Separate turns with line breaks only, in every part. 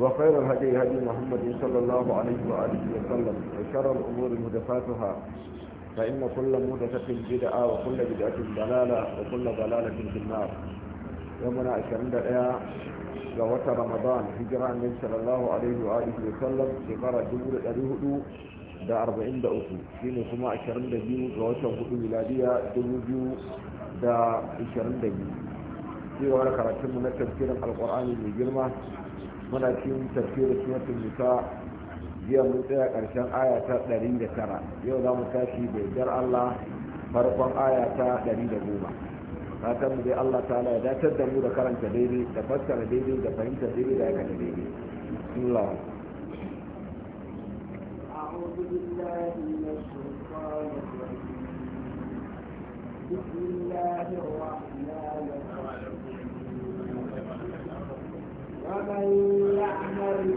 وخير الهدي هدي محمد صلى الله عليه وآله وسلم وشر الأمور مدفاتها فإن كل مدفة بدعة وكل بدعة ضلالة وكل ضلالة في النار يومنا عشرين دقيقة لوت رمضان هجرة النبي صلى الله عليه وآله وسلم شكرا جمهور الأليهدو da arba'in da uku shi ne kuma ashirin da biyu ga watan hudu miladiya dubu biyu da ashirin da biyu cewar karatunmu na tafsirin alkur'ani mai girma muna cikin tafsirin suratul nisa jiya mun tsaya karshen aya ta 109 yau za mu tashi da yardar Allah farkon aya ta 110 fatan mu dai Allah ta'ala ya datar da mu da karanta daidai da fassara daidai da fahimta daidai da aikata daidai bismillah
أعوذ بالله من الشيطان الرجيم بسم الله الرحمن الرحيم ومن يعمل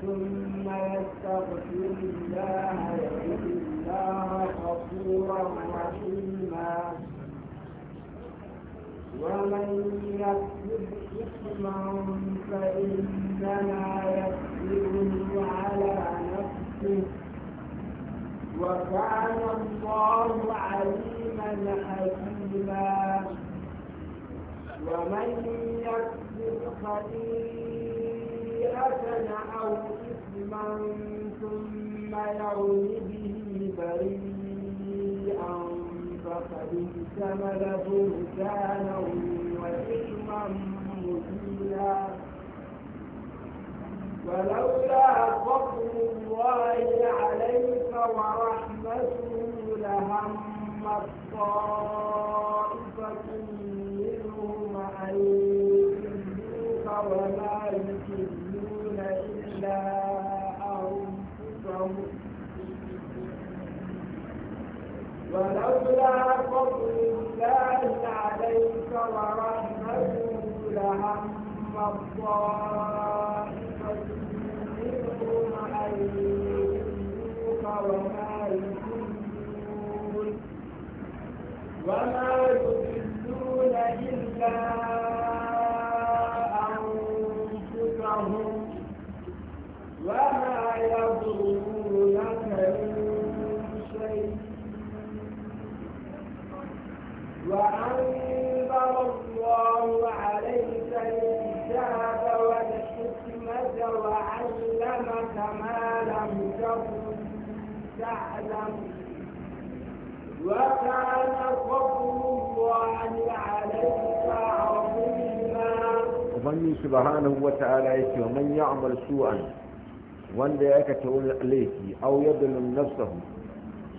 ثم يستغفر الله الله غفورا رحيما ومن فإنما على نفسه وكان الله عليما حكيما ومن يكسب خطيئة أو إثما ثم يرم به بريئا فقد اجتم له بهتانا وإثما مبينا ولولا فضل الله عليك ورحمته لهم همت طائفة منهم أن يكذبوك وما يكذبون إلا أنفسهم ولولا فضل الله عليك ورحمته لهم الطائفة منهم أن يكذبوك وما يكذبون وما يضلون إلا أنفسهم وما يضرونك من شيء وأنزل الله عليك الكتاب والحكمة وعلمك ما لم تكن تعلم
Ubangi subhanahu wa ta'ala ya ce wa man ya'mal su'an wanda ya aikata wani laifi aw yadlum nafsahu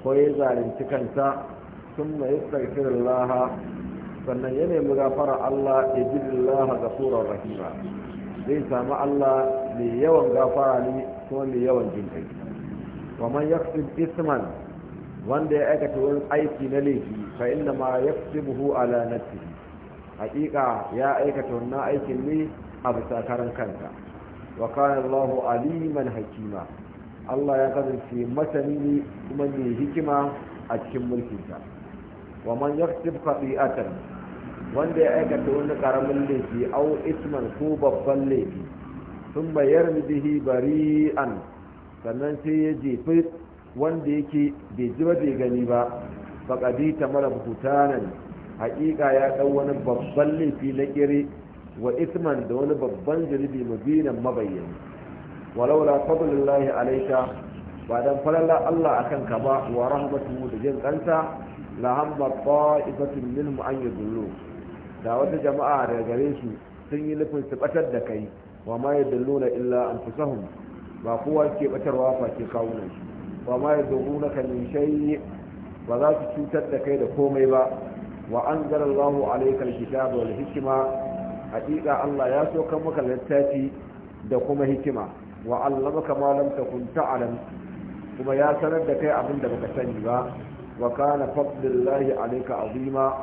ko ya zalunci kanta thumma yastaghfirullah sannan ya nemi gafara Allah ya jidillah ghafurur rahima zai samu Allah mai yawan gafara ne kuma mai yawan jinkai wa man yaksib isman wanda ya aikata wani aiki na laifi fa inda ma buhu ala nafsihi haƙiƙa ya aikata wannan aikin ne a bisa karan kanta wa kayan Allahu aliman hakima Allah ya kasance masani ne kuma ne hikima a cikin mulkinsa wa man ya a khati'atan wanda ya aikata wani ƙaramin laifi au isman ko babban laifi sun bayar bihi bari'an sannan sai ya jefi wanda yake bai ji ba bai gani ba faƙadi ta mara nan haƙiƙa ya ɗau wani babban laifi na ƙiri wa isman da wani babban zunubi mubinan mabayyani walaula fadlullahi alaika ba dan falalla Allah akan ka ba wa rahmatuhu da jin kanta la hamma ta'ifatun minhum an yadullu da wata jama'a daga gare su sun yi nufin su batar da kai wa ma yadulluna illa anfusahum ba kowa ke batarwa ke kawo su wa ma na min shay ba za su cutar da kai da komai ba wa anzala Allahu alayka da wal hikma Allah ya so kan maka littafi da kuma hikima wa allamaka ma lam takun ta'lam kuma ya sanar da kai abin da baka sani ba wa kana fadlullahi alayka azima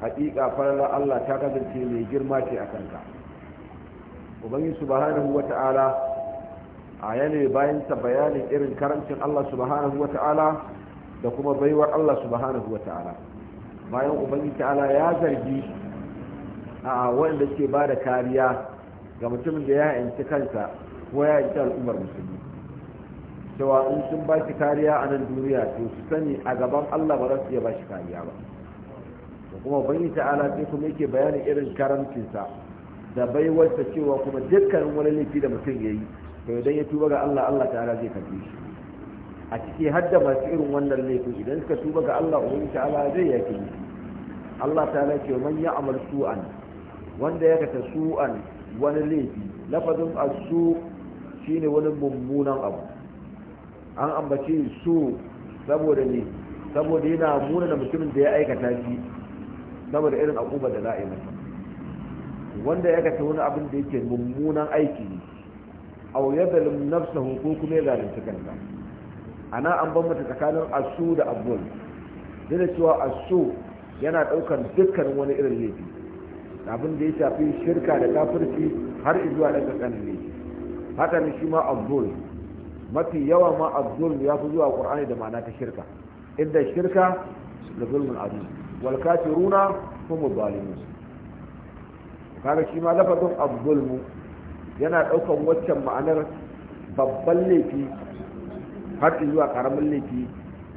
haqiqa farala Allah ta kasance mai girma ce akan ka ubangi subhanahu wata'ala a yanayi bayan bayanin irin karancin Allah subhanahu wa ta'ala da kuma baiwar Allah subhanahu wa ta'ala bayan ubangi ta'ala ya zargi a wanda ke ba da kariya ga mutumin da ya yanci kansa ko ya yanci al'ummar musulmi cewa in sun ba shi kariya a nan duniya to su sani a gaban Allah ba za su iya ba shi kariya ba da kuma ubangi ta'ala sai kuma yake bayanin irin karancinsa da baiwarsa cewa kuma dukkanin wani laifi da mutum ya yi to idan ya tuba ga Allah Allah ta'ala zai karbe shi a ciki har da masu irin wannan laifin idan suka tuba ga Allah ta ta'ala zai yake yi Allah ta'ala ce man ya amal su'an wanda ya kata su'an wani laifi lafazin asu shine wani mummunan abu an ambace su saboda ne saboda yana muna da mutumin da ya aikata shi saboda irin akuba da za'a yi masa wanda ya kata wani abin da yake mummunan aiki ne aw yadalim nafsahu ko kuma ya zalunci kansa ana an bambanta tsakanin asu da abdul duk cewa asu yana daukar dukkan wani irin laifi abin da ya shafi shirka da kafirci har zuwa da tsakanin laifi haka ne shi ma abdul mafi yawa ma abdul ya fi zuwa qur'ani da ma'ana ta shirka inda shirka da zulmun abu wal kafiruna hum zalimun kaga shi ma lafazin abdul yana ɗaukan waccan ma'anar babban laifi har zuwa karamin laifi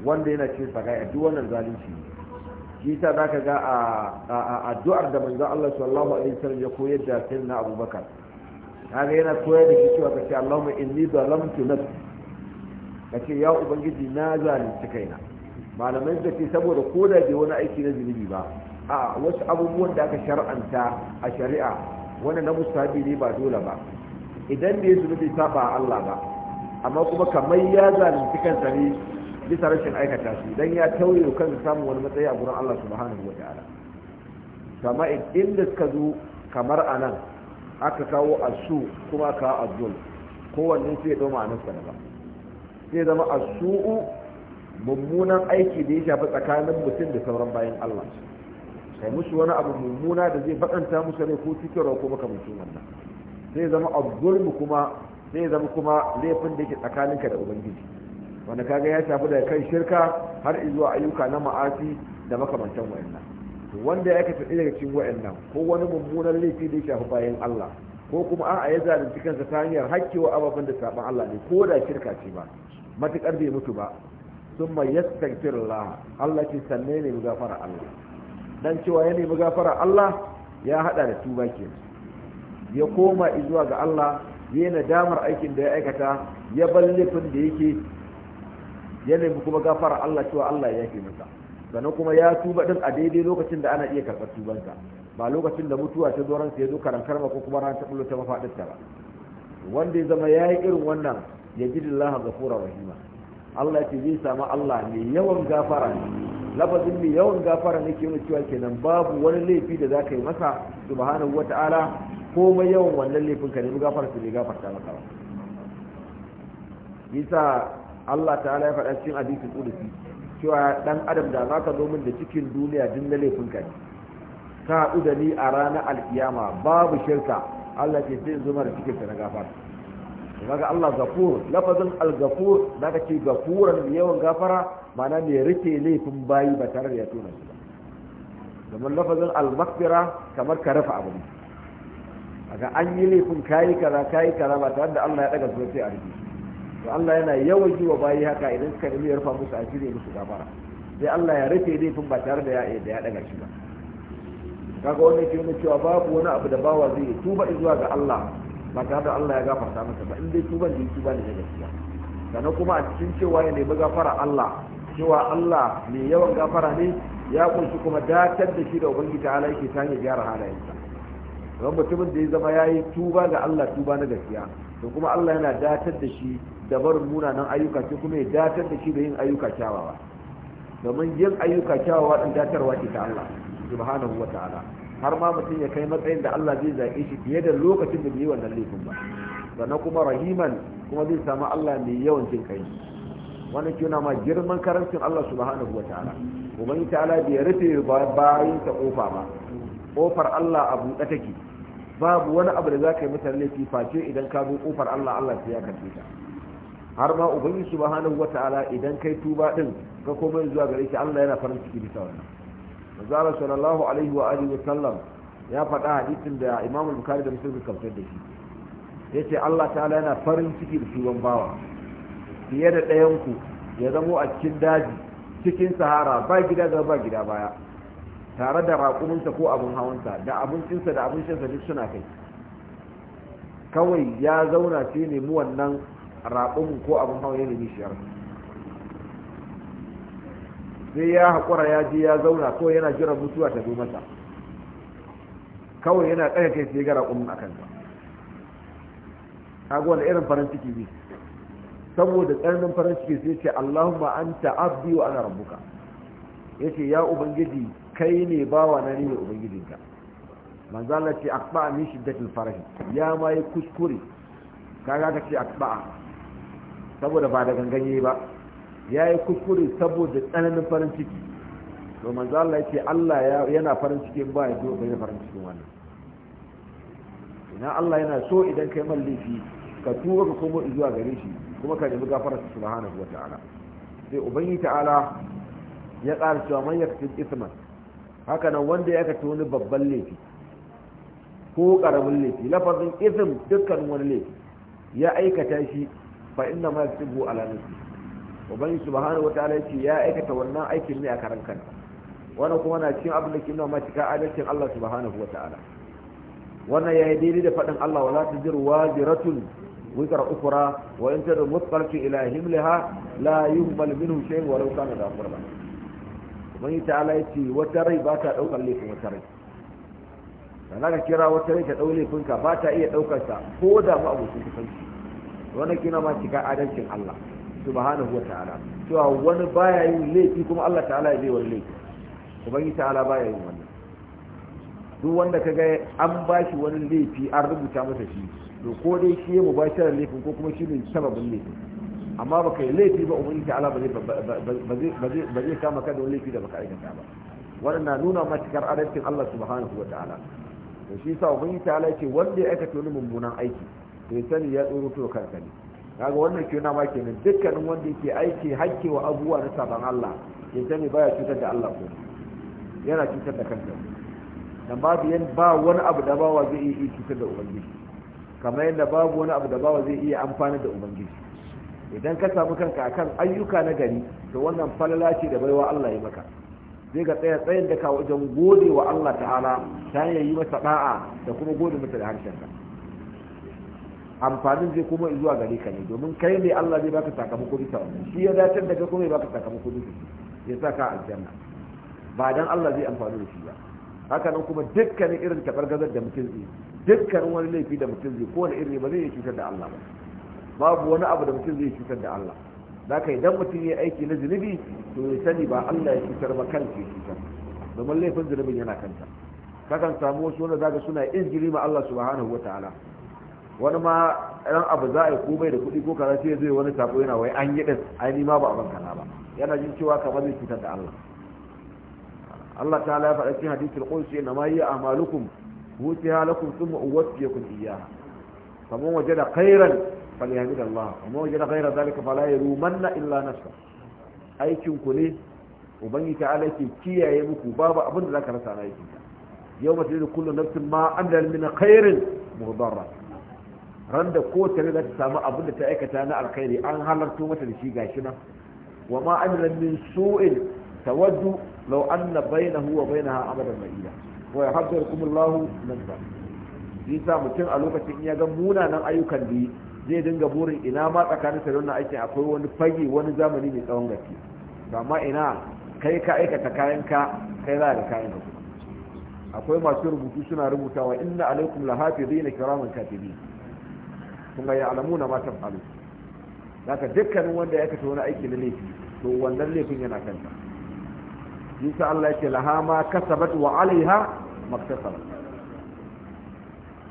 wanda yana cin sagai a duk wannan zalunci shi za ka ga a addu'ar da manzo Allah sallallahu alaihi wasallam ya koyar da sayyidina Abubakar kaga yana koyar da shi cewa kace Allahumma inni zalamtu nafsi kace ya ubangiji na zalunci kaina malamai da ce saboda ko da bai wani aiki na zunubi ba a wasu abubuwan da aka shar'anta a shari'a wani na musabi ne ba dole ba idan da ya zunubi saba Allah ba amma kuma kamar ya zalunci kansa ne bisa rashin aikata su idan ya tauye kansa samun wani matsayi a gurin Allah subhanahu wa ta'ala kama inda suka zo kamar a nan aka kawo asu kuma aka kawo azul kowanne sai ya ɗau da ba, sai zama a asu'u mummunan aiki da ya shafi tsakanin mutum da sauran bayan Allah kai musu wani abu mummuna da zai bakanta musu rai ko cikin ko makamancin wannan sai zama abdulmu kuma sai zama kuma laifin da yake tsakaninka da ubangiji wanda kaga ya shafi daga kan shirka har zuwa ayyuka na ma'asi da makamantan wayannan wanda ya kace daga cikin wayannan ko wani mummunan laifi da ya shafi bayan Allah ko kuma a'a ya zalunci kansa ta hanyar hakkewa ababen da saban Allah ne ko da shirka ce ba matukar bai mutu ba summa yastaghfirullah Allah ke sanne ne mu gafara Allah dan cewa ya nemi gafara Allah ya hada da tuba kenan ya koma zuwa ga Allah ya yi nadamar aikin da ya aikata ya bar laifin da yake ya nemi kuma gafara Allah cewa Allah ya ke masa sannan kuma ya tuba din a daidai lokacin da ana iya karɓar tubanta ba lokacin da mutuwa ta zo ransa ya zo karankar ko kuma ran ta bulo ta mafaɗin ba wanda ya zama ya yi irin wannan ya ji lillahi ghafura rahima Allah ya ce zai samu Allah mai yawan gafara ne lafazin mai yawan gafara ne ke cewa kenan babu wani laifi da za ka yi masa subhanahu wa ta'ala mai yawan wannan laifin ka nemi gafara su ne gafarta maka ba bisa Allah ta'ala ya faɗa cikin hadisin kudusi cewa ɗan adam da za ka zo min da cikin duniya din na laifin ka ne ka haɗu da ni a ranar alkiyama babu shirka Allah ke sai zuma da cikin na gafara kaga Allah gafur lafazin al-gafur zaka ce gafuran mai yawan gafara mana mai rike laifin bayi ba tare da ya tona shi ba domin lafazin al-maghfira kamar ka rafa abu kaga an yi laifin kayi kaza kayi kaza ba tare da Allah ya daga zuwa sai a rike to Allah yana yawan yi wa bayi haka idan ka nemi ya rufa musu asiri musu gafara sai Allah ya rike laifin ba tare da ya da ya daga shi ba kaga wannan ke nuna cewa babu wani abu da bawa zai tuba zuwa ga Allah ba tare da Allah ya gafarta masa ba in dai ban da ba da gaskiya sannan kuma a cikin cewa ya nemi gafara Allah cewa Allah mai yawan gafara ne ya kunshi kuma datar da shi da ubangiji ala yake ta hanyar gyara halayensa don mutumin da ya zama ya yi tuba ga Allah tuba na gaskiya to kuma Allah yana datar da shi da barin munanan ayyuka sai kuma ya datar da shi da yin ayyuka kyawawa domin yin ayyuka kyawawa din datarwa ce ta Allah subhanahu wa ta'ala har ma mutum ya kai matsayin da Allah zai zaɓe shi fiye da lokacin da bai yi wannan laifin ba sannan kuma rahiman kuma zai samu Allah mai yawan jin kai wannan ke ma girman karancin Allah subhanahu wa ta'ala ubangi ta'ala bai rufe bayan ta kofa ba kofar Allah a buɗe take babu wani abu da za ka yi mutane laifi face idan ka zo kofar Allah Allah sai ya karɓe ta har ma ubangi subhanahu wa ta'ala idan kai tuba din ka komai zuwa gare shi Allah yana farin ciki bisa wannan zara sallallahu alaihi wa alihi wa sallam ya faɗa hadisin da imam al-bukhari da muslim suka da shi yace Allah ta'ala yana farin ciki da shugaban bawa fiye da ɗayan ku ya zamo a cikin daji cikin sahara ba gida ga ba gida baya tare da raƙuminsa ko abin hawansa da abincinsa da abin shansa duk suna kai kawai ya zauna sai nemi wannan raƙumin ko abin hawan ya nemi yarsa sai ya haƙura ya je ya zauna ko yana jiran mutuwa ta zo masa kawai yana tsaye kai sai gara ƙumin a kanta kaga wani irin farin ciki ne saboda tsananin farin ciki sai ce Allahumma anta abdi wa ana rabbuka yace ya ubangiji kai ne bawa na ne ubangijinka manzo Allah ce aqba min shiddatil farah ya ma yi kuskure kaga ka ce aqba saboda ba da ganganye ba ya yi kuskure saboda tsananin farin ciki to manzo Allah ya ce Allah yana farin cikin ba ya zo bai farin cikin wannan ina Allah yana so idan kai man laifi ka tuba ka komo zuwa gare shi kuma ka nemi gafarar subhanahu wataala sai ubangi ta'ala ya ƙara cewa man yaktin isman haka nan wanda ya kace wani babban laifi ko karamin laifi lafazin ism dukkan wani laifi ya aikata shi fa inna ma yaktubu ala nafsihi ubangi subhanahu wataala yace ya aikata wannan aikin ne a karan kan wannan kuma na cikin abin da ke nuna macika adalcin Allah subhanahu wataala wannan yayi daidai da fadin Allah wala taziru waziratun wizra ukhra wa in tadru mutqalati ila himliha la yuhmal minhu shay wa law kana dafarba ubangi ta'ala yace wata rai ba ta daukar laifin wata rai da ka kira wata rai ta laifin ka ba ta iya ɗaukarsa ko da abu sun kusanci wannan kina ma cika adalcin Allah subhanahu wa ta'ala cewa wani baya yin laifi kuma Allah ta'ala ya zai wani laifi ubangi ta'ala baya yin wannan duk wanda kaga an bashi wani laifi an rubuta masa shi to ko dai shi ya mubashirar laifin ko kuma shi ne sababin laifin amma baka yi laifi ba ubangi ta'ala ba ba zai kama ka da wani laifi da baka aikata ba wannan na nuna ma cikar adalcin Allah subhanahu wa ta'ala to shi yasa ubangi ta'ala yake wanda ya aikata wani mummunan aiki to ya sani ya tsoro to kanka ne kaga wannan ke na ma kenan dukkanin wanda yake aiki hakki wa abubuwa na saban Allah ya sani baya cutar da Allah ko yana cutar da kanta dan babu yan ba wani abu da bawa zai iya cutar da ubangiji kamar yadda babu wani abu da bawa zai iya amfana da ubangiji idan ka samu kanka akan ayyuka na gari to wannan falala ce da baiwa Allah ya maka zai ga tsaya tsayin da ka wajen gode wa Allah ta'ala ta hanyar yi masa da'a da kuma gode masa da harshenka amfanin zai kuma zuwa gare ka ne domin kai ne Allah zai baka sakamako bisa wannan shi ya dace da kai kuma ya baka sakamako bisa ya sa ka aljanna ba dan Allah zai amfani da shi ba haka nan kuma dukkanin irin tabargazar da mutum zai dukkanin wani laifi da mutum zai kowane irin ba zai cutar da Allah ba babu wani abu da mutum zai cutar da Allah zaka idan mutum ya aiki na zunubi to ya sani ba Allah ya cutar ba kanka ya cutar domin laifin zunubin yana kanta kakan samu wasu wanda zaka suna izgiri ma Allah subhanahu wataala wani ma ɗan abu za a yi komai da kuɗi ko kaza sai zai wani sako yana wai an yi ɗin ai ni ma ba a ban kaza ba yana jin cewa kamar zai cutar da Allah Allah ta ya faɗa cikin hadisul qudsi na ma yi amalukum wutiha lakum thumma uwaffiyakum iyyaha faman wajada khairan falyahmid Allah faman wajada khairan zalika fala yalumanna illa nafsa aikin ku ne ubangi ta ala ke kiyaye muku babu abin da zaka rasa na aikin ka yau mace da kullu nafsin ma amdal min khairin mudarra ran da kowace za ta samu abin da ta aikata na alkhairi an halarto mata da shi gashi nan wa ma amila min su'in tawaddu law anna bainahu wa bainaha amadan ba'ida wa yahdharukum Allah min ba yasa mutum a lokacin ya ga munanan ayyukan da zai dinga burin ina ma tsakanin sa wannan aikin akwai wani fage wani zamani mai tsawon gaske amma ina kai ka aikata kayan ka kai za da kayan ka akwai masu rubutu suna rubutawa inna alaikum lahafizina kiraman katibin kuma ya alamu na matan alu ka dukkanin wanda ya kata wani aiki na laifi to wannan laifin yana kanta yusa Allah yake laha ma kasabat wa alaiha maktasaba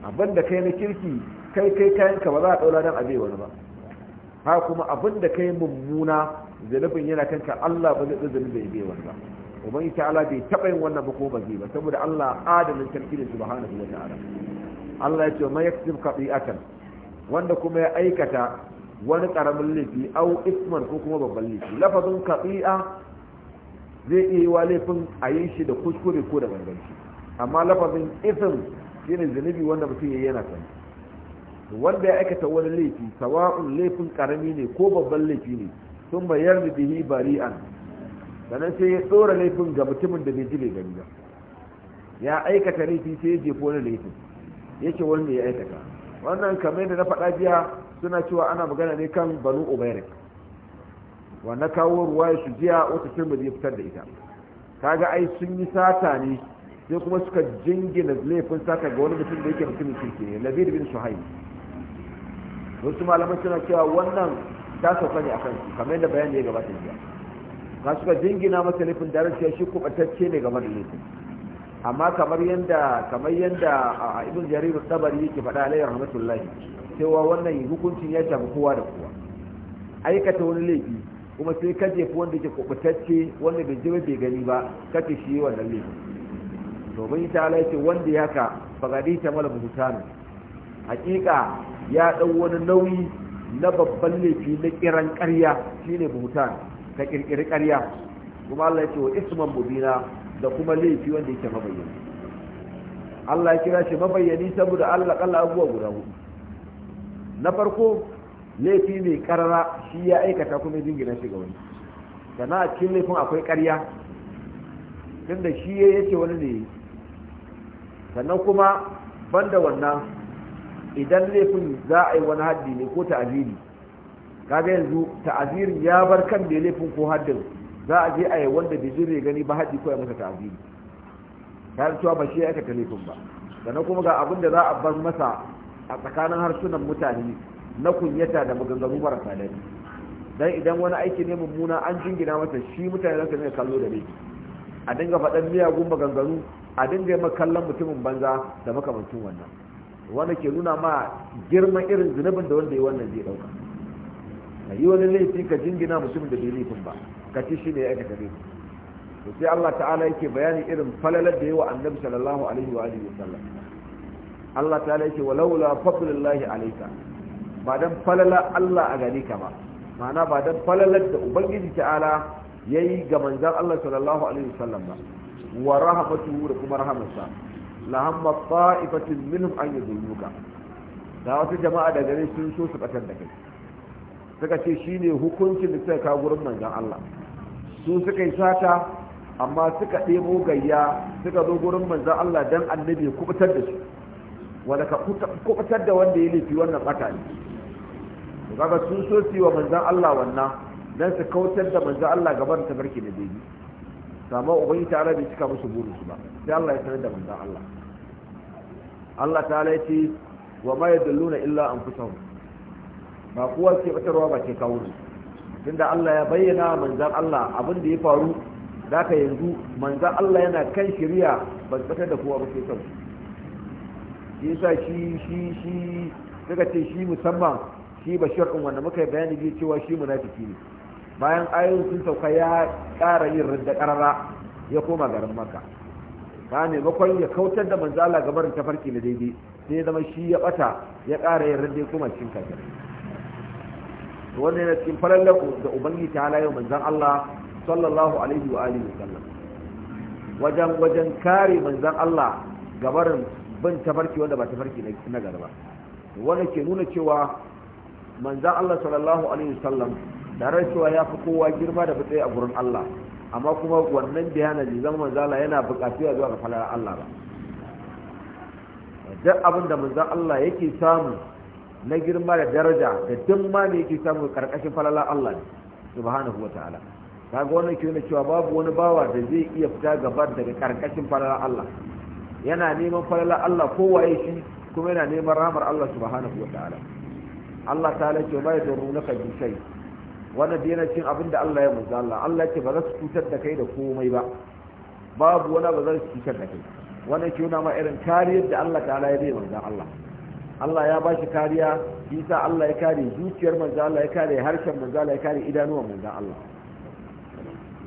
abinda kai na kirki kai kai kayanka ba za a ɗaura dan abe wani ba ha kuma abinda kai mummuna zunubin yana kanka Allah ba zai zunubin da ibe wani ba ubangiji ta'ala bai taɓa yin wannan ba ko ba zai ba saboda Allah adalin sarki hana subhanahu wa ta'ala Allah ya ce ma yaksib qati'atan wanda kuma ya aikata wani karamin laifi au isman ko kuma babban laifi lafazin kafi'a zai iya yi wa laifin a yi shi da kuskure ko da ganganci amma lafazin shi ne zunubi wanda mutum yi yana kan wanda ya aikata wani laifi sawa'un laifin karami ne ko babban laifi ne sun bayar da bihi bari'an sannan sai ya tsora laifin ga mutumin da bai ji bai gani ba ya aikata laifi sai ya jefo wani laifin yake wanda ya aikata wannan kamar da na faɗa jiya suna cewa ana magana ne kan banu umairik wa na kawo ruwa ya su jiya wata turmudi zai fitar da ita kaga ai sun yi sata ne sai kuma suka jingina laifin sata ga wani mutum da yake mutumin kirki ne na bin shuhaib wasu malamai suna cewa wannan ta sauka ne a kansu kamar yadda bayani ya gabata jiya ka suka jingina masa laifin da shi kubatacce ne game da laifin amma kamar yanda kamar yanda ibn jarir tabari yake faɗa alayhi rahmatullahi cewa wannan hukuncin ya tafi kowa da kowa aikata wani laifi kuma sai ka jefi wanda yake kubutacce wanda bai jira bai gani ba kake shi wannan laifin domin ta ala wanda ya ka fagadi ta mala buhutanu hakika ya dau wani nauyi na babban laifi na kiran ƙarya shine buhutan ka kirkiri ƙarya kuma Allah ya ce wa ismun mubina da kuma laifi wanda yake mabayyani Allah ya kira shi mabayyani saboda Allah kalla abuwa guda hudu na farko laifi mai karara shi ya aikata kuma jingina shi ga wani sana a cikin laifin akwai karya. tunda shi ya yake wani ne sannan kuma banda wannan idan laifin za a yi wani haddi ne ko ta'aziri kaga yanzu ta'azirin ya bar kan mai laifin ko haddin za a je a yi wanda bai jire gani ba haɗi ko ya masa ta'aziri yi cewa ba shi ya aikata laifin ba sannan kuma ga abin da za a bar masa a tsakanin harsunan mutane na kunyata da maganganu marasa daɗi dan idan wani aiki ne mummuna an jingina masa shi mutane za su ne kallo da laifi a dinga faɗan miyagun maganganu a dinga yi kallon mutumin banza da makamancin wannan wanda ke nuna ma girman irin zunubin da wanda ya wannan zai ɗauka a yi wani laifi ka jingina mutumin da bai laifin ba ka shi ne ya aikata ne to sai Allah ta'ala yake bayani irin falalar da yawa annabi sallallahu alaihi wa alihi wasallam Allah ta'ala yake walaula fadlullahi alayka ba dan falala Allah a gare ka ba ma'ana ba dan falalar da ubangiji ta'ala yayi ga manzon Allah sallallahu alaihi wasallam ba wa rahmatuhu da kuma rahmatsa la hamma ta'ifatin minhum an yudilluka da wata jama'a daga ne sun so su batar da kai suka ce shi ne hukuncin da suka kawo gurin manzan Allah su suka yi sata amma suka ɗebo gayya suka zo gurin manzan Allah don annabi ya kubutar da su wanda ka kubutar da wanda ya laifi wannan ɓata ne to kaga su so su yi wa manzan Allah wannan don su kautar da manzan Allah gaban barke da daidai sama ubangi ta bai cika musu burinsu ba sai Allah ya sanar da manzan Allah Allah ta ya ce wa ma yadalluna illa anfusahum ba kowa ke fitarwa ba ke kawo tunda Allah ya bayyana manzan Allah abin da ya faru da ka yanzu manzan Allah yana kan shirya ban fitar da kowa ba ke kawo shi sa shi shi shi daga ce shi musamman shi ba din wanda muka bayani bi cewa shi munafiki ne bayan ayoyin sun sauka ya ƙara yin rinda ƙarara ya koma garin maka ba makon ya kautar da manzala gabarin tafarki na daidai sai ya zama shi ya bata ya kara yin rinda ya koma cikin kakar. to wannan yana cikin falalar da ubangiji ta halaye manzan Allah sallallahu alaihi wa alihi wasallam wajen wajen kare manzan Allah gabarin bin tafarki wanda ba tafarki na garba wanda ke nuna cewa manzan Allah sallallahu alaihi wasallam tare cewa ya fi kowa girma da fitsaye a gurin Allah amma kuma wannan bayana ne zama manzala yana ya zuwa ga falar Allah ba duk abin da manzan Allah yake samu na girma da daraja da duk ma ne yake samu karkashin falala Allah ne subhanahu wa ta'ala kaga wannan ke nuna cewa babu wani bawa da zai iya fita gaba daga karkashin falala Allah yana neman falala Allah kowaye shi kuma yana neman rahmar Allah subhanahu wa ta'ala Allah ta'ala ce bai da runaka bi sai wannan dai yana cin abin da Allah ya manzo Allah ya ce ba za su cutar da kai da komai ba babu wani ba za su cutar da kai wannan ke nuna ma irin kariyar da Allah ta'ala ya bai manzo Allah Allah ya ba shi kariya isa Allah ya kare zuciyar manzo Allah ya kare harshen manzo Allah ya kare idanuwan manzo Allah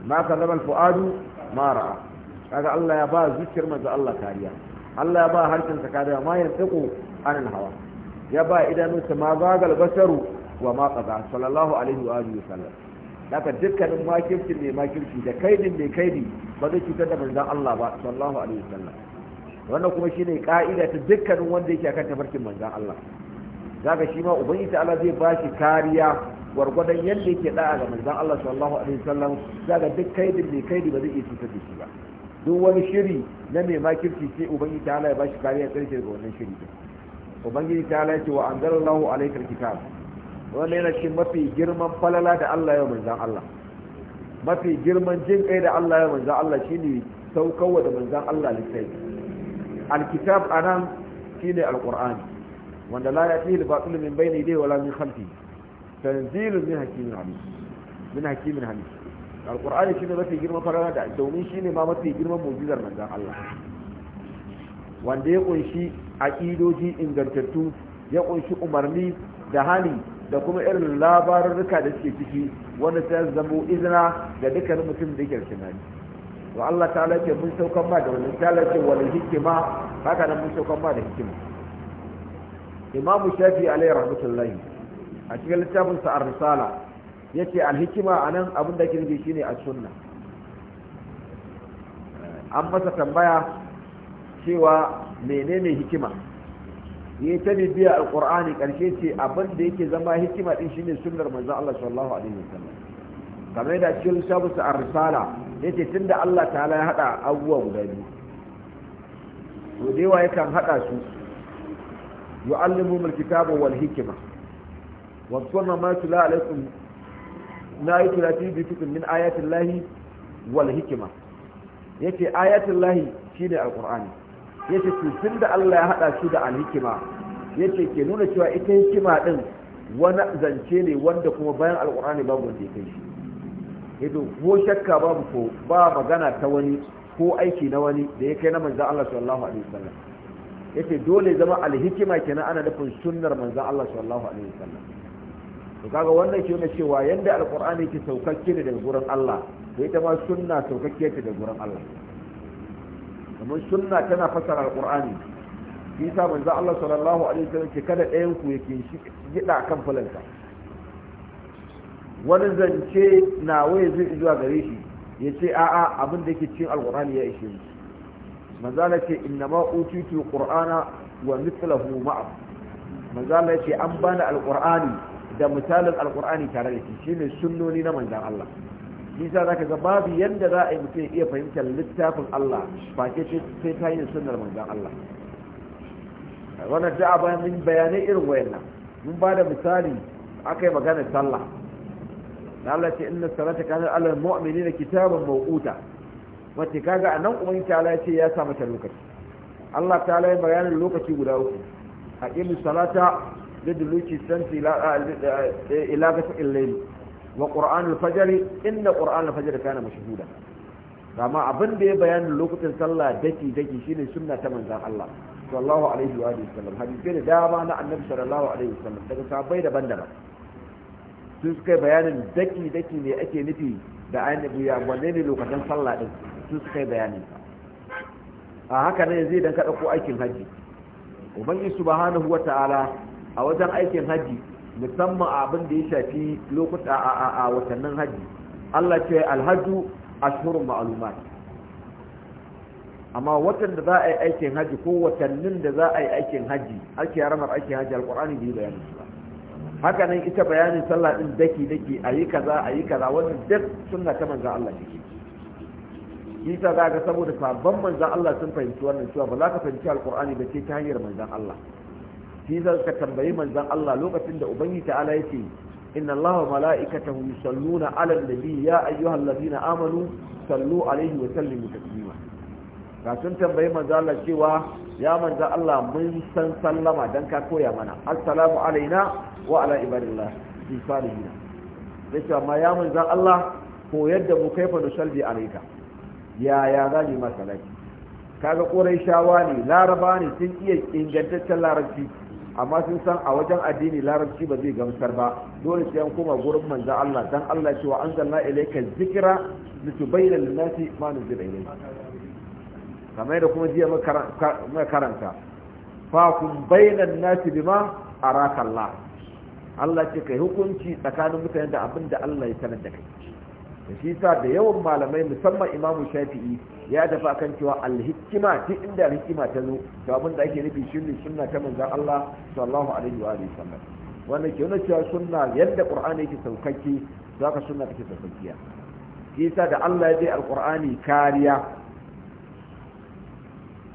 na kadaba alfuadu ma ra'a kaga Allah ya ba zuciyar manzo Allah kariya Allah ya ba harshen kariya ma yantaku anan hawa ya ba idanunsa ma bagal basaru wa ma qada sallallahu alaihi wa alihi wasallam haka dukkanin makirci ne makirci da kaidin ne kaidi ba zai cutar da manzon Allah ba sallallahu alaihi wasallam wannan kuma shine ka'ida ta dukkanin wanda yake akan tafarkin manzon Allah zaka shi ma ta Allah zai bashi kariya gwargwadon yadda yake da'a ga manzon Allah sallallahu alaihi wasallam zaka duk kaidin mai kaidi ba zai iya cutar da shi ba duk wani shiri na mai makirci sai ta Allah ya bashi kariya karshe daga wannan shiri din ta Allah ya ce wa anzalallahu alayka alkitab wannan yana cikin mafi girman falala da Allah ya manzon Allah mafi girman jin kai da Allah ya manzon Allah shine saukowa da manzon Allah littafi alkitab anan shine alqur'ani wanda la yatihi al-batil min bayni yadayhi wala min khalfihi tanzilun min hakimin alim min hakimin alim alqur'ani shine mafi girman farana da domin shine ma mafi girman mu'jizar manzon Allah wanda ya kunshi aqidoji ingantattu ya kunshi umarni da hali da kuma irin labarurruka da suke ciki wanda sai zamo izina ga dukkanin mutum da yake tunani to Allah ta ce mun saukan ba da wannan ta'ala ce hikima haka nan mun saukan ba da hikima imamu shafi alayhi rahmatullahi a cikin littafin sa ar-risala yace al-hikima anan abin da kirge shine as-sunna an masa tambaya cewa menene hikima yayi ta bibiya al-qur'ani karshe ce abin da yake zama hikima din shine sunnar manzo Allah sallallahu alaihi wasallam kamar da cikin sabu sa ar-risala yace tunda Allah ta'ala ya hada abubuwa guda biyu to da yawa yakan hada su yu'allimu al-kitaba wal hikma wa sunna ma tula alaikum na yi tulati bi tukun min ayatin lahi wal hikima ya ce ayatin lahi shi ne alƙur'ani ya ce da Allah ya haɗa su da alhikima ya ce ke nuna cewa ita hikima ɗin wani zance ne wanda kuma bayan alƙur'ani babu wanda ya kai shi ido ko shakka babu ko ba magana ta wani ko aiki na wani da ya kai na manzan Allah sallallahu alaihi wasallam yace dole zama alhikima kenan ana nufin sunnar manzan Allah sallallahu alaihi wasallam to kaga wannan ke ne cewa yanda alqur'ani yake saukakke ne daga gurin Allah to ita ma sunna saukakke ce daga gurin Allah domin sunna tana fasara alqur'ani shi yasa manzan Allah sallallahu alaihi wasallam ke kada ɗayan ku yake shi gida kan falanta wani zance na waye zai zuwa gare shi ya ce a'a abin da ke cin alkur'ani ya ishe mu manzala ce inna ma utitu qur'ana wa mithlahu ma'a manzala ce an bani alkur'ani da misalin alkur'ani tare da shi shine sunnoni na manzan Allah nisa zaka ga babu yanda za a yi mutum iya fahimtar littafin Allah ba ke sai ta yi sunnar manzan Allah wannan da'a bayan bayanai irin wayannan mun ba da misali aka yi maganar sallah Allah ce inna salata kana alal mu'minina kitaban mawquta wace kaga anan ubangi ta Allah ce ya sa mata lokaci Allah ta Allah bayanin lokaci guda uku aqimus salata liduluki santi ila ila gasaqil layl wa qur'anul fajr inna qur'anul fajr kana mashhuda amma abin da ya bayanin lokacin sallah daki daki shine sunna ta manzon Allah sallallahu alaihi wa sallam hadisi da dama na annabi sallallahu alaihi wa sallam daga sahabbai daban-daban su suka bayanin daki daki ne ake nufi da ainihin ya wanne ne lokacin sallah din su suka yi bayanin a haka ne zai don kaɗa ko aikin haji ubangiji subhanahu ta'ala, a wajen aikin hajji, musamman abin da ya shafi lokuta a watannin hajji, Allah ce alhaju ashhurun ma'lumat amma watan da za a yi aikin hajji ko watannin da za a yi aikin hajji, ake yaramar aikin hajji haji alqur'ani bayanin su ba haka nan ita bayanin sallah din daki daki ayi kaza ayi kaza wannan duk sunna ta manzon Allah take isa za ga saboda sabon manzan Allah sun fahimci wannan cewa ba za ka fahimci alkur'ani ba ce ta hanyar manzan Allah shi za ka tambayi manzan Allah lokacin da ubangi ta'ala ya ce inna Allah wa mala'ikatahu yusalluna 'alan nabi ya ayyuhallazina amanu sallu alaihi wa sallimu taslima ga sun tambayi manzala Allah cewa ya manzo Allah mun san sallama dan ka koya mana assalamu alaina wa ala ibadillah fi salihin yace amma ya manzo Allah koyar da mu kaifa nusalli alaika ya ya zali masalaki kaga shawa ne laraba ne sun iya ingantaccen larabci amma sun san a wajen addini larabci ba zai gamsar ba dole sai an koma gurin manzo Allah dan Allah cewa anzalna ilayka dhikra litubayyana lin-nasi ma nuzila ilayka kamar da kuma jiya mai karanta fakun bainan nasi bima araka Allah Allah ce kai hukunci tsakanin mutane da abin da Allah ya sanar da kai da shi sa da yawan malamai musamman imamu shafi'i ya tafi kan cewa alhikima duk inda alhikima ta zo abin da ake nufi shine sunna ta manzon Allah sallallahu alaihi wa sallam wannan ke nuna cewa sunna yadda qur'ani yake saukakke zaka sunna take saukakkiya shi sa da Allah ya bai alqur'ani kariya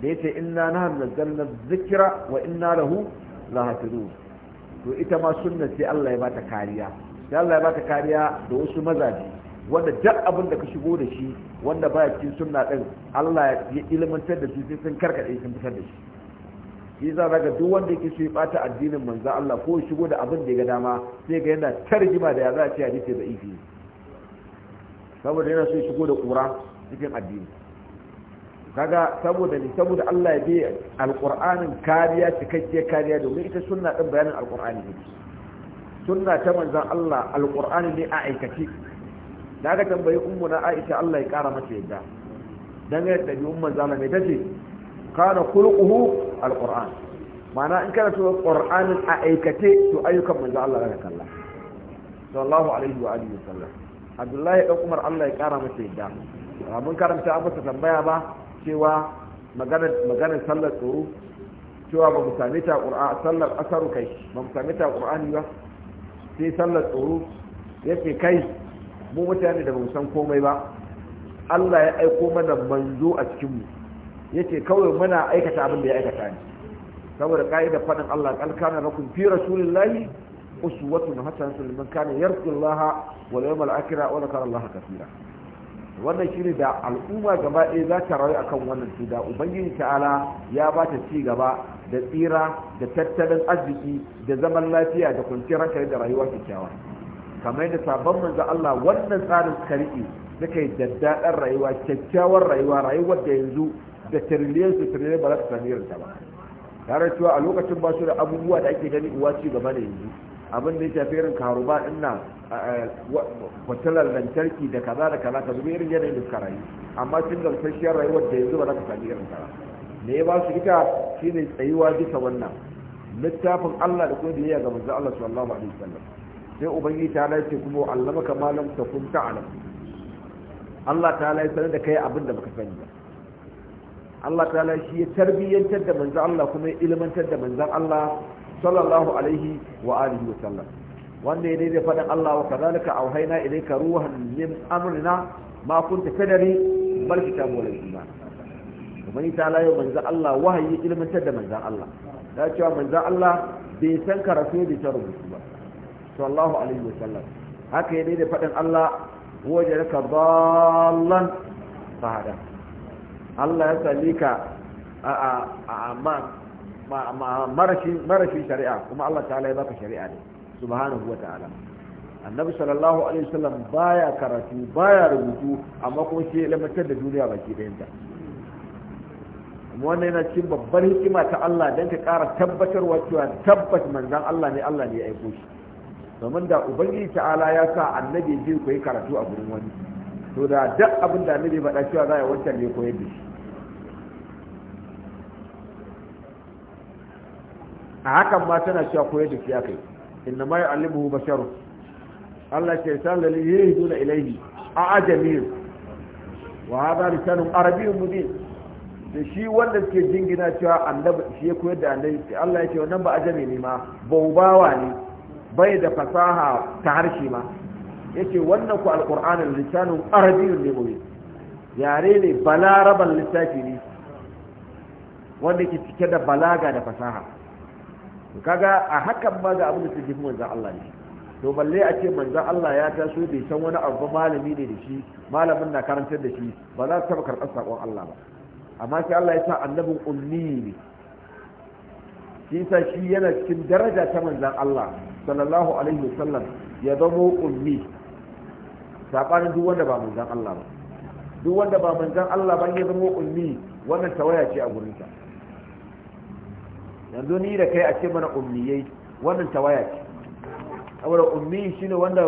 da ya yace inna nahnu nazzalna zikira wa inna lahu lahafizun to ita ma sunna sai Allah ya bata kariya sai Allah ya bata kariya da wasu mazaji wanda duk abin da ka shigo da shi wanda baya cikin sunna din Allah ya ilmantar da su sai sun karkade sun fitar da shi shi za ga duk wanda yake so ya bata addinin manzo Allah ko shigo da abin da ya ga dama sai ga yana tarjima da ya za a ce hadisi da ifi saboda yana so ya shigo da kura cikin addini kaga saboda ne saboda Allah ya bi alqur'anin kariya cikakke kariya domin ita sunna din bayanin alqur'ani ne sunna ta manzon Allah alqur'ani ne a aikace daga tambayi ummu na Aisha Allah ya kara mata yadda dan ga da ummu zalama mai tace kana khuluquhu alqur'an ma'ana in kana so qur'anin a aikace to ayyukan manzon Allah zaka kalla sallallahu alaihi wa alihi wasallam Abdullahi dan Umar Allah ya kara masa yadda mun karanta an masa tambaya ba cewa maganar sallar tsoro cewa ba mu sami ta ƙura'a sallar asaru kai ba mu sami ta qur'ani ba sai sallar tsoro yace kai mu mutane da ba mu san komai ba Allah ya aiko mana manzo a cikinmu mu ce kawai muna aikata abin da ya aikata ne saboda ka'idar faɗin Allah kalkana na kun fi rasulillahi uswatun hasanatu liman kana yarjullaha wal yawmal akhir wa zakara Allah kathira wannan shine da al'umma gaba ɗaya za ta rayu akan wannan su da ubangiji ta'ala ya ba ta ci gaba da tsira da tattalin arziki da zaman lafiya da kwanciyar hankali da rayuwa kyakkyawa kamar yadda sabon manzo Allah wannan tsarin suka riƙe suka yi daddaɗar rayuwa kyakkyawar rayuwa rayuwar da yanzu da tiriliyan su tiriliyan ba za su sami irin ta ba tare cewa a lokacin ba su da abubuwa da ake gani uwa ci gaba da yanzu abin da ya shafi irin karuba din nan kwatalar lantarki da kaza da kaza ka zuba irin yanayin da suka rayu amma sun gamsasshiyar rayuwar da yanzu ba za ka sami irin kaza me ya ba su ita ne tsayuwa bisa wannan littafin Allah da kuma biyayya ga manzo Allah sallallahu alaihi wasallam sai ubangiji ta lai ce kuma kamalan ta lam takun ta'lam Allah ta lai sanar da kai abin da baka sani ba Allah ta lai shi ya tarbiyyantar da manzo Allah kuma ya ilmantar da manzo Allah sallallahu alaihi wa alihi wa sallam wanda ya daidai faɗin Allah wa kazalika auhayna ilayka ruhan min amrina ma kunta tadri bal kitabu wal iman ubani ta la yau manzan Allah wahayi ilmantar da manzan Allah da cewa manzan Allah bai san karatu bai san rubutu ba sallallahu alaihi wa sallam haka ya daidai faɗin Allah wajaraka dallan fahada Allah ya sallika a a a marashin shari'a kuma Allah ta'ala ya baka shari'a ne subhanahu wa ta'ala annabi sallallahu alaihi wasallam baya karatu baya rubutu amma kuma shi ya lamatar da duniya baki ɗayanta wannan yana cikin babbar hikima ta Allah dan ka ƙara tabbatarwa cewa tabbat manzan Allah ne Allah ne ya aiko shi domin da ubangiji ta'ala ya sa annabi zai koyi karatu a gurin wani to da duk abin da annabi faɗa cewa za a wancan ne koyar da shi a hakan ma tana cewa koyar da ya kai inna ma ya'allimuhu basharu Allah ke san da yiridu na ilaihi a ajamir wa hada lisanun arabiyyun mubin da shi wanda suke jingina cewa annabi shi ya koyar da annabi Allah ya ce wannan ba ajami ne ma baubawa ne bai da fasaha ta harshe ma yace wannan ku Alƙur'an lissanin arabiyyun ne mubin yare ne balaraban lissafi ne wanda ke cike da balaga da fasaha to kaga a hakan ma ga abin da suke manzan Allah ne to balle a ce manzan Allah ya taso bai san wani abu malami ne da shi malamin na karantar da shi ba za su taɓa karɓar saƙon Allah ba amma sai Allah ya sa annabin ummi ne shi sa shi yana cikin daraja ta manzan Allah sallallahu alaihi wasallam ya zamo ummi sabanin duk wanda ba manzan Allah ba duk wanda ba manzan Allah ba ya zama ummi wannan tawaya ce a gurinsa yanzu ni da kai a ce mana ummiyai wannan tawaya ce saboda ummi shine wanda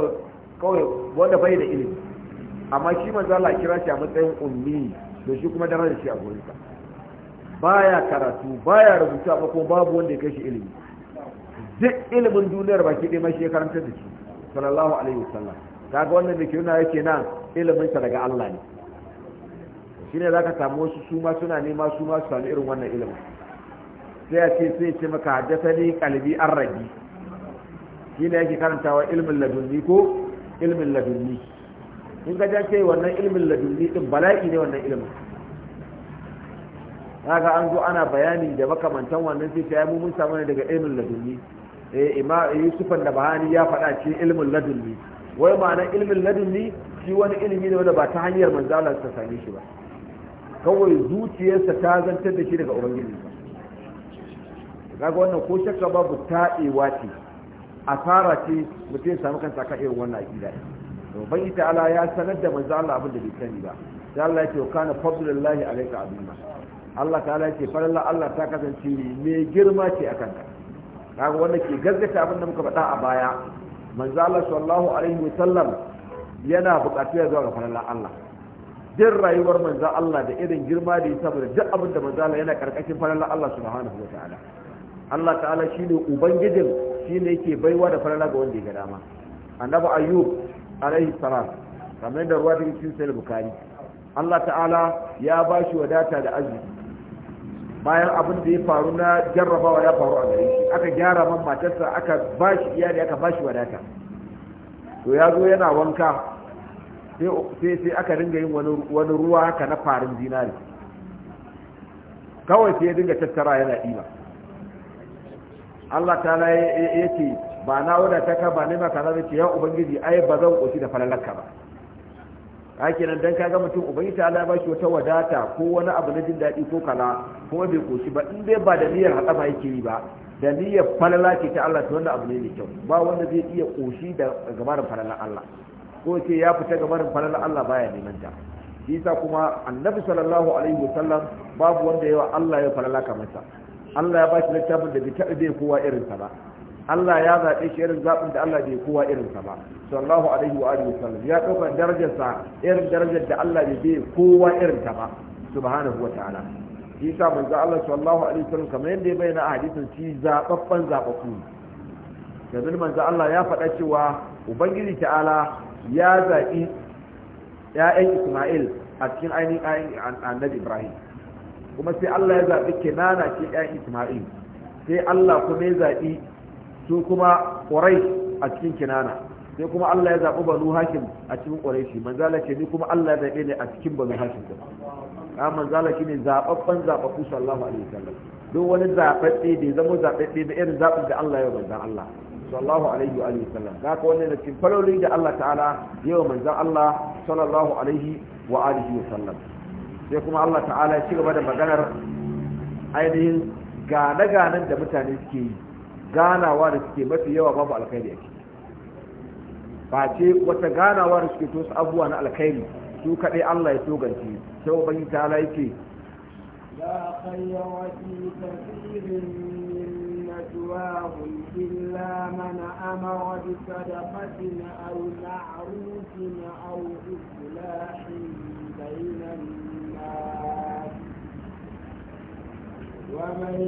kawai wanda bai da ilimi amma shi manzo Allah kira shi a matsayin ummi to shi kuma daraja shi a gurin sa baya karatu baya rubutu amma ko babu wanda ya kai shi ilimi duk ilimin duniyar baki ɗaya mai shi ya karanta da shi sallallahu alaihi wasallam kaga wannan da ke nuna yake nan ilimin sa daga Allah ne shine zaka samu wasu su ma suna nema su ma su samu irin wannan ilimin sai a ce sai ce maka haddasani kalbi an rabi shi ne yake wa ilmin ladunni ko ilmin ladunni in ga ce wannan ilmin ladunni din bala'i ne wannan ilmin kaga an zo ana bayani da makamantan wannan sai ya mu mun samu ne daga ilmin ladunni eh ima yusuf da bahani ya faɗa ce ilmin ladunni wai ma'ana ilmin ladunni shi wani ilimi ne wanda ba ta hanyar manzo Allah ta same shi ba kawai zuciyarsa ta zantar da shi daga ubangiji kaga wannan ko shakka babu taɗewa ce asara ce mutum ya samu kansa kan irin wannan aƙida to ban ita ala ya sanar da manzo Allah abin da bai sani ba sai Allah ya ce kana fadlullahi alayka abima Allah ta'ala ya ce farilla Allah ta kasance me girma ce akan ka kaga wannan ke gaggata abin da muka faɗa a baya manzo Allah sallallahu alaihi wa sallam yana buƙatar zuwa ga farilla Allah din rayuwar manzo Allah da irin girma da ya saboda duk abin da manzo Allah yana karkashin farilla Allah subhanahu wa ta'ala Allah ta'ala shi ne ubangijin ne yake baiwa da farala ga wanda ya ga dama annabi ayyub alaihi salam kamar da ruwa daga cikin sai bukari Allah ta'ala ya bashi wadata da arziki bayan abin da ya faru na jarrabawa ya faru a gare shi aka gyara man matarsa aka bashi iyali aka bashi wadata to ya zo yana wanka sai sai aka dinga yin wani ruwa haka na farin zinari kawai sai ya dinga tattara yana ɗiba Allah ta la yake ba na wadata ka ba nema kaza zai ce ya ubangiji ai ba zan koshi da falalarka ba ake nan dan kaga mutum ubangiji ta Allah ba wata wadata ko wani abu na jin daɗi ko kala kuma bai koshi ba in dai ba da niyyar hatsama yake yi ba da niyyar falala ce ta Allah ta wanda abu ne mai kyau ba wanda zai iya koshi da gabarin falalar Allah ko ce ya fita gabarin falalar Allah baya neman ta shi yasa kuma annabi sallallahu alaihi wasallam babu wanda yawa Allah ya falala kamar sa Allah ya ba shi littafin da bai taɓa bai kowa irinsa ba Allah ya zaɓe shi irin zaɓin da Allah bai kowa irinsa ba sallallahu alaihi wa alihi wasallam ya ɗauka darajarsa irin darajar da Allah bai bai kowa irinta ba subhanahu wa ta'ala shi yasa manzo Allah sallallahu alaihi wasallam kamar yadda ya bayyana a hadisin shi zababban zababbu yanzu manzo Allah ya faɗa cewa ubangiji ta'ala ya zaɓi ya'yan Isma'il a cikin ainihin annabi Ibrahim kuma sai Allah ya zaɓi kinana ke ƴan Isma'il sai Allah kuma ya zaɓi su kuma ƙurai a cikin kinana sai kuma Allah ya zaɓi banu hashim a cikin ƙurai shi manzala ce ni kuma Allah ya zaɓe ne a cikin banu hashim din a manzala shi ne zaɓaɓɓen zaɓaɓɓu sallahu alaihi wasallam duk wani zaɓaɓɓe da ya zama zaɓaɓɓe da irin zaɓin da Allah ya manzan Allah sallallahu alaihi wa sallam da ka wannan cikin falolin da Allah ta'ala yawa manzan Allah sallallahu alaihi wa alihi wa sallam sai kuma Allah ta'ala ya ci gaba da maganar ainihin gane-ganen da mutane suke yi ganawa da suke mafi yawa babu alkhairi a ba ce wata ganawa da suke tosu abubuwa na alkhairi su kaɗai Allah ya togance sai ubangi ta ala yake
لا خير في كثير من نجواهم إلا من أمر بصدقة أو معروف na إحسان ومن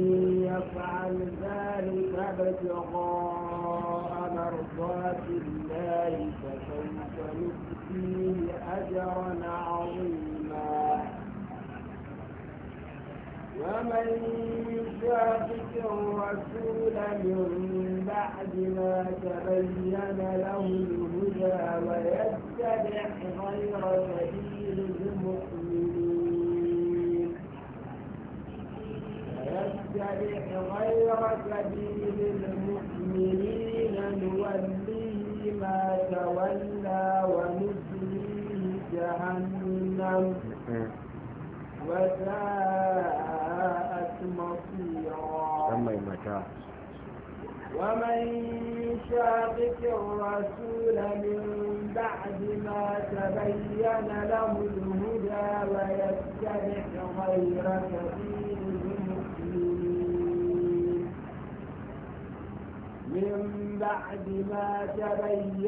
يفعل ذلك ابتغاء مرضات الله فسوف نؤتيه أجرا عظيما ومن يشاقق الرسول من بعد ما تبين له الهدى ويتبع غير سبيل المؤمنين نتبع غير سبيل المؤمنين نوليه ما تولى ونسليه جهنم وساءت مصيرا ومن شاقق الرسول من بعد ما تبين له الهدى ويتبع غير سبيل من بعد ما تبين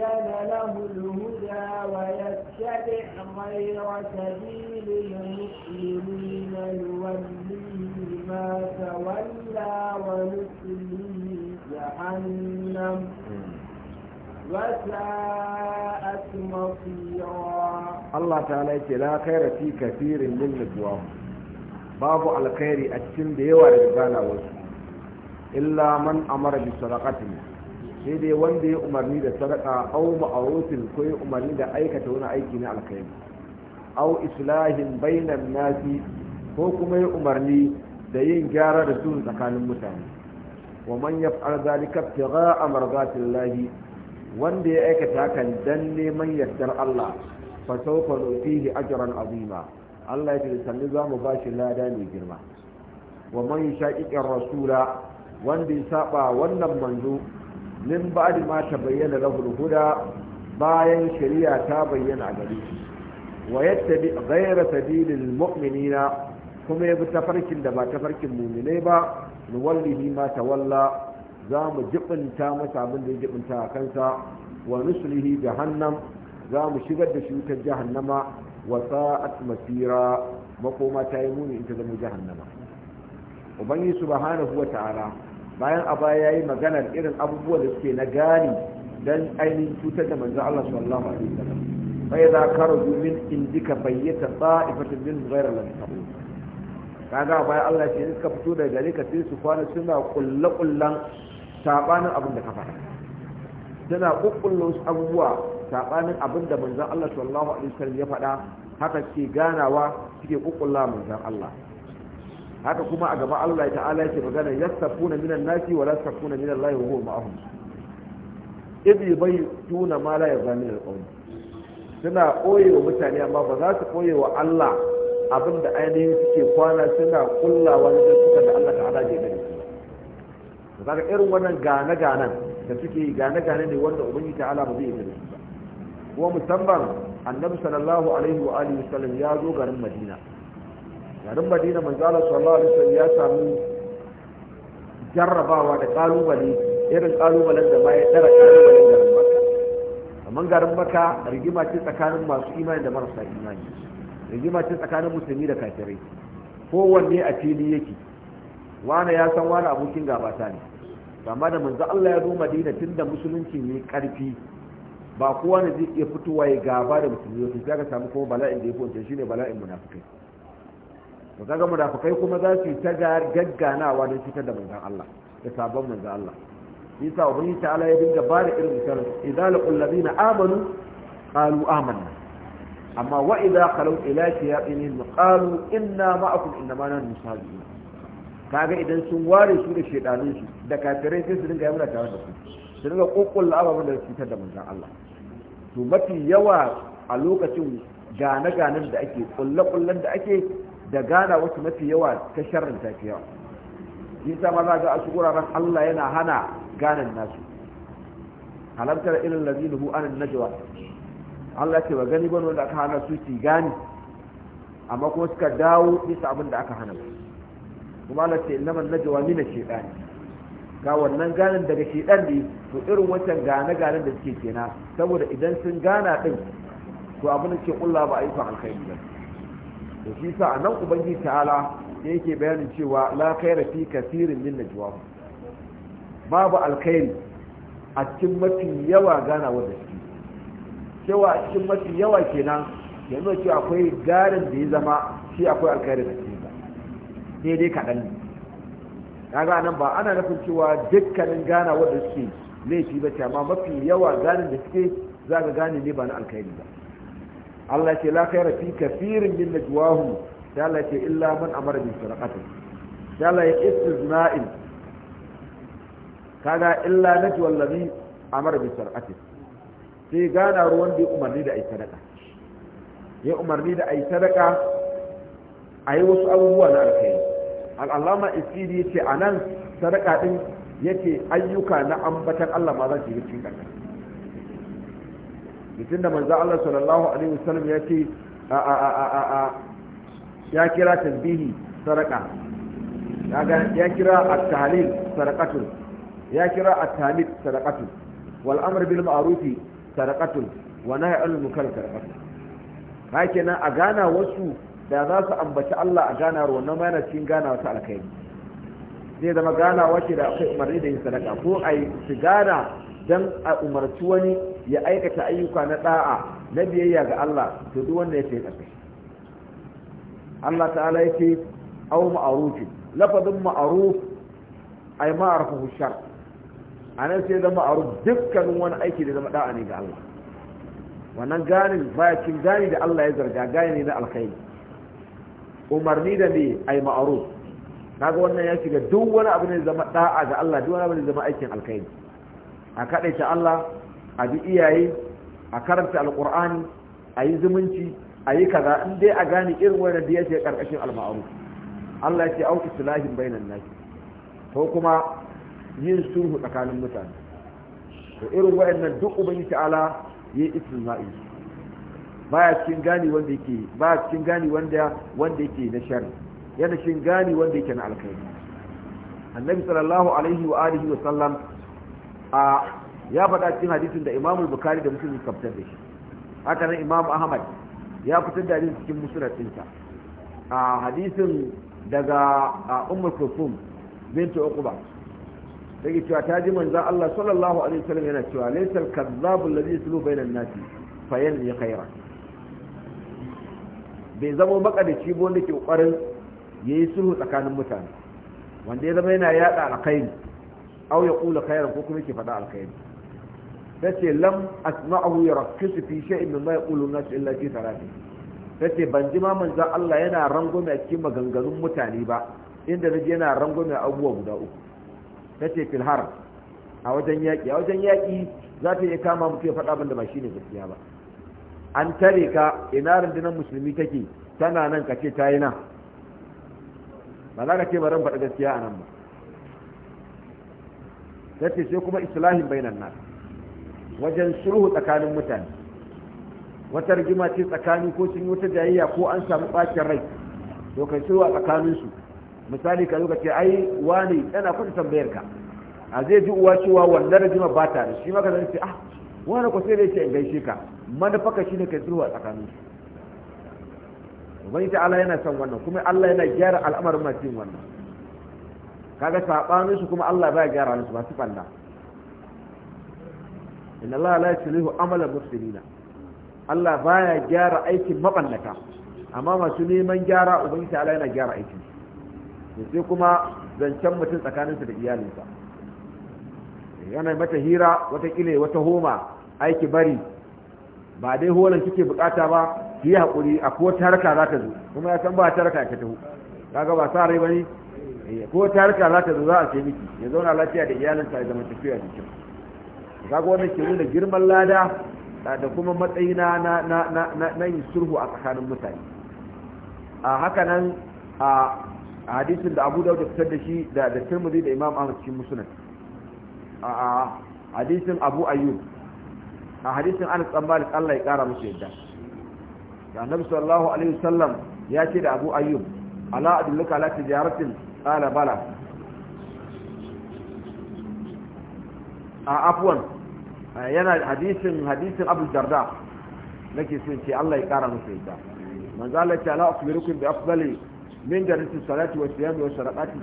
له الهدى ويتبع غير سبيل المسلمين نوليه ما تولى ونسليه جهنم وساءت مصيرا
الله تعالى لا خير في كثير من نجواهم باب الخير a بيوارد بانا yawa illa man amara bi sadaqatin sai dai wanda ya umarni da sadaka aw ma'rufin ko ya umarni da aikata wani aiki na alkhairi aw islahin bainan nasi ko kuma ya umarni da yin gyara da sulhu tsakanin mutane wa man yaf'al zalika ibtigha'a mardatillahi wanda ya aikata hakan dan neman yardar Allah fa sawfa nutihi ajran azima Allah ya ce sanni za mu bashi lada mai girma wa man yashaqiqi rasula wanda ya saba wannan manzo min ba'di ma tabayyana bayyana al-huda bayan shari'a ta bayyana a shi wa bi ghayra sabilil mu'minina kuma bi tafarkin da ba tafarkin mu'minai ba nuwallihi ma tawalla za mu jibinta masa abin da ya jibinta a kansa wa nuslihi jahannam za mu shigar da shi wutar jahannama wa sa'at masira makoma ta yi muni in ta zama jahannama ubangi subhanahu wa ta'ala bayan a baya yayi maganar irin abubuwa da suke na gani dan ainihin cutar da manzo Allah sallallahu alaihi wasallam fa idza kharaju min indika bayyata ta'ifatan min ghayra al-sabr kaga bayan Allah ce suka fito daga gari ka sai su kwana suna kule-kullen sabanin abin da ka fara suna kukkullon abubuwa sabanin abin da manzan Allah sallallahu alaihi wasallam ya faɗa haka ke ganawa suke kukkulla manzan Allah haka kuma a gaba Allah ta'ala yake magana yastafuna minan nasi wa la yastafuna minan Allah wa huwa ma'ahum id yubaytuna ma la yazamin al-qawm suna koye wa mutane amma ba za su koye wa Allah abinda ainihin suke kwana suna kullawa na suka da Allah ta'ala ke gani su ba irin wannan gane ganen da suke gane gane ne wanda ubangiji ta'ala ba zai gani ba kuma musamman annabi sallallahu alaihi wa alihi wasallam ya zo garin madina garin madina zala sallallahu alaihi wasallam ya sami jarrabawa da kalubale irin kalubalen da ya dara kalubalen garin maka amma garin maka rigima ce tsakanin masu imani da marasa imani rigima ce tsakanin musulmi da kafirai kowanne a fili yake wani ya san wani abokin gabata ne amma da manzo Allah ya zo Madina tunda musulunci ne karfi ba kowa ne zai iya fitowa ya gaba da musulmi sai ka samu kuma bala'in da ya fi wancan shine bala'in munafikai to kaga munafikai kuma za su yi ta gagganawa don fitar da manzon Allah da sabon manzon Allah Isa yasa ubangiji ta'ala ya dinga bada irin misalin idza laqul ladina amanu qalu amanna amma wa idza khalu ila shayatinihim qalu inna ma'akum innama nahnu musalimun kaga idan sun ware su da shedanun su da kafirai sai su dinga yamuna tare da su su dinga kokkulla ababen da fitar da manzon Allah to mafi yawa a lokacin gane-ganen da ake kulle-kullen da ake da gada wasu mafi yawa ta sharrin tafiya yawa yasa ma za ga a wuraren Allah yana hana ganin nasu halartar irin lalini hu anan najwa Allah ce ba gani bane wanda aka hana su ci gani amma kuma suka dawo bisa abin da aka hana kuma Allah ce na najwa Nina ash-shaytan ga wannan ganin daga shedan ne to irin wancan gane ganen da suke kenan saboda idan sun gana din to abin da ke kulla ba ayyukan alkhairi ba da shi sa a nan ubangiji ta'ala yake bayanin cewa la khaira fi kasirin min najwa babu alkhairi a cikin mafi yawa gana wanda shi cewa a cikin mafi yawa kenan yanzu cewa akwai garin da ya zama shi akwai alkhairi da cikin sai dai kaɗan ne kaga nan ba ana nufin cewa dukkanin ganawa da suke laifi ba ce amma mafi yawa ganin da suke za ka gane ne ba na alkhairi ba Allah ce la khayra fi kathirin min najwahum da Allah ce illa man amara bi sadaqati da Allah ya istizna'in kaga illa najwa allazi amara bi sadaqati sai gana ruwan da umarni da ai sadaka ya umarni da ai sadaka ayi wasu abubuwa na alkhairi al-allama isiri yace anan sadaka din yace ayyuka na ambatan Allah ma za su yi cikin mutum da manzo Allah sallallahu alaihi wasallam ya ce a a a a a ya kira tasbihi saraka ya kira at-tahlil sarakatun ya kira at-tahmid sarakatun wal amr bil ma'ruf sarakatun wa nahy anil munkar sarakatun hakenan a gana wasu da za su ambaci Allah a ganawar wannan ma yana cikin ganawa ta alkhairi zai zama ganawa ce da akwai umarni da yin sadaka ko a yi su gana don a umarci wani ya aikata ayyuka na da'a na biyayya ga Allah to duk wanda ya sai kafa Allah ta'ala yake aw ma'ruf lafazin ma'ruf ay ma'rufu shar anan sai da ma'ruf dukkanin wani aiki da zama da'a ne ga Allah wannan gani kin gani da Allah ya zarga gani ne na alkhairi umarni da me ay ma'ruf kaga wannan ya shiga duk wani abu ne zama da'a ga Allah duk wani abu ne zama aikin alkhairi a kaɗaice Allah a bi iyaye a karanta alkur'ani a yi zumunci a yi kaza in dai a gane irin wani da ya ce karkashin alma'aru Allah ce auki sulahin bainan naki ko kuma yin sulhu tsakanin mutane to irin wayannan duk ubangi ta'ala yi istisna'i baya cikin gani wanda yake baya cikin gani wanda wanda yake na shari yana cikin gani wanda yake na alkhairi annabi sallallahu alaihi wa alihi wa sallam a ya faɗa cikin hadisin da imam bukari da muslim suka fitar da shi haka nan imam ahmad ya fitar da hadisin cikin musnad ɗinsa a hadisin daga ummul kulsum bintu uqba take cewa ta ji manzo Allah sallallahu alaihi wasallam yana cewa laysal kadzabu alladhi yaslu bainan nasi fayan ya khaira bai zama makadaci ba wanda ke ƙoƙarin yayi sulhu tsakanin mutane wanda ya zama yana yada alkhairi aw ya kula khairan ko kuma yake faɗa alkhairi tace lam asma'ahu yarakkisu fi shay'in mimma yaqulu nas illa fi salati tace ban ji ma manzo Allah yana rangume a cikin maganganun mutane ba inda naji yana rangume abubuwa guda uku tace fil har a wajen yaki a wajen yaki za ta iya kama mutum faɗa banda da ba shine gaskiya ba an tare ka ina rundunar musulmi take tana nan ka ce ta yi nan ba za ka ce ba ran faɗa gaskiya a nan ba tace sai kuma islahin bainan nas wajen sulhu tsakanin mutane wata rigima ce tsakanin ko sun yi wata jayayya ko an samu ɓacin rai to kai sulhu a tsakaninsu misali ka zo ka ce ai wani yana kudi tambayar ka a zai ji uwa cewa wannan rigima ba ta da shi maka zan ce ah wani ko sai ce in gaishe ka manufa shi ne kai sulhu a tsakaninsu ubangiji Allah yana son wannan kuma Allah yana gyara al'amarin masu yin wannan kaga sabanin su kuma Allah baya gyara musu su balla inna Allah la yuslihu amala mufsidina Allah baya gyara aikin maballata amma masu neman gyara ubangi ta yana gyara aikin su sai kuma zancen mutum tsakaninsa da iyalinsa yana mata hira wata kile wata homa aiki bari ba dai holan kike bukata ba ki yi hakuri a ko tarka za ta zo kuma ya san ba tarka ta taho kaga ba sa rai bane ko tarka za ta zo za a ce miki ya zauna lafiya da iyalinsa ya zama tafiya da kyau kaga wannan ke nuna girman lada da kuma matsayi na na na na yin sulhu a tsakanin mutane a haka nan a hadisin da Abu Dawud ya fitar da shi da da Tirmidhi da Imam Ahmad cikin Musnad a hadisin Abu Ayyub a hadisin Anas bin Malik Allah ya kara musu yadda da Annabi sallallahu alaihi wasallam ya ce da Abu Ayyub ala adullaka ala tijaratin qala bala a ah, afuwan, ah, yana hadisin hadisin abu jarda nake so ce Allah ya kara musu ita manzo Allah la akhbirukum bi afdali min darasi salati wa siyami wa sharaqati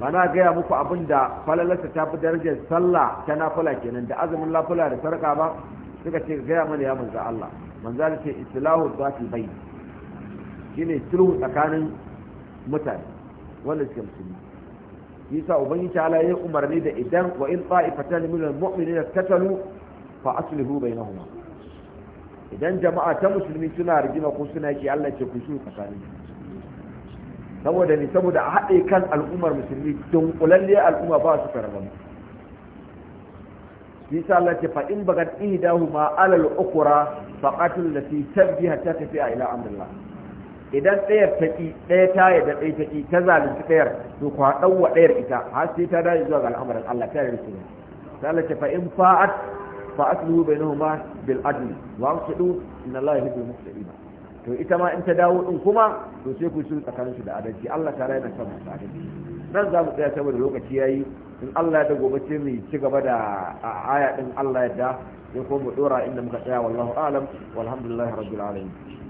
bana gaya muku abinda falalasa ta fi darajar sallah ta nafila kenan da azumin lafula da sarka ba suka ce gaya mana ya manzo Allah manzo ce islahu dhati bayni shine sulhu tsakanin mutane wanda suke musulmi yasa ubangiji ta ya umarni da idan wa in ta'ifatan min al-mu'minina katalu fa aslihu bainahuma idan jama'a ta musulmi suna rigima ko suna yake Allah ce ku shi tsakanin saboda ni saboda a haɗe kan al'ummar musulmi don kulalle al'umma ba su karban yasa Allah ce fa in bagat ihdahuma alal ukra faqatil lati ta tafi tafi'a ila amrillah idan ɗayar ta ƙi ɗaya ta yadda ɗaya ta ƙi ta zalunci ɗayar to ku haɗau wa ɗayar ita har sai ta dace zuwa ga al'amarin Allah ta yarda kenan sai Allah ce fa in fa'at fa aslihu bainahuma bil adl wa amsidu inna Allah yuhibbul muqsitin to ita ma in ta dawo din kuma to sai ku su tsakanin su da adalci Allah ta raina kan musu adalci nan za mu tsaya saboda lokaci yayi in Allah ya da gobe ce mu ci gaba da aya din Allah ya da ya ko mu dora inda muka tsaya wallahu alam walhamdulillahi rabbil alamin